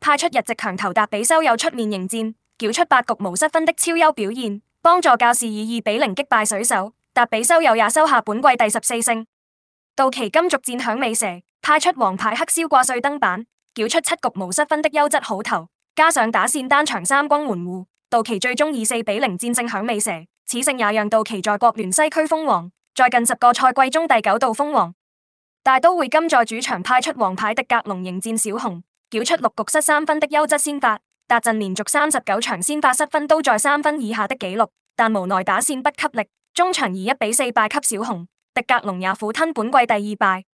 派出日籍強投達比修有出面迎戰，繳出八局無失分的超優表現，幫助教士以二比零擊敗水手。達比修有也收下本季第十四勝。道奇今續戰響尾蛇，派出王牌黑燒掛帥登板，繳出七局無失分的優質好投，加上打線單場三分援護，道奇最終以四比零戰勝響尾蛇。此勝也讓道奇在國聯西區封王，在近十個賽季中第九度封王。大都會今在主場派出王牌迪格隆迎戰小熊繳出六局失三分的優質先發，達陣連續三十九場先發失分都在三分以下的紀錄，但無奈打線不給力，中場以一比四敗給小熊。迪格隆也苦吞本季第二敗。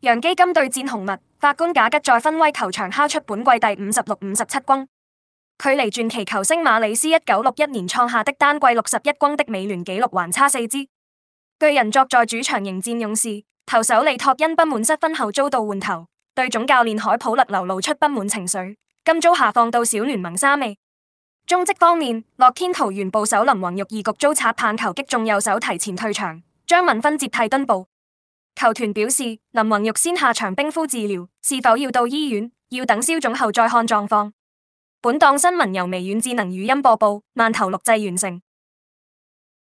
洋基今對戰紅襪，法官賈吉在分威球場敲出本季第五十六、五十七轟，距離傳奇球星馬里斯一九六一年創下的單季六十一轟的美聯紀錄還差四支。巨人作在主場迎戰勇士，投手利托因不滿失分後遭到換投。對總教練海普勒流露出不滿情緒，今早下放到小聯盟三味。中職方面，樂天桃猿捕手林宏玉二局遭擦棒球擊中右手，提前退場。張文芬接替蹲捕。球團表示，林宏玉先下場冰敷治療，是否要到醫院要等消腫後再看狀況。本檔新聞由微軟智能語音播報，慢投錄製完成。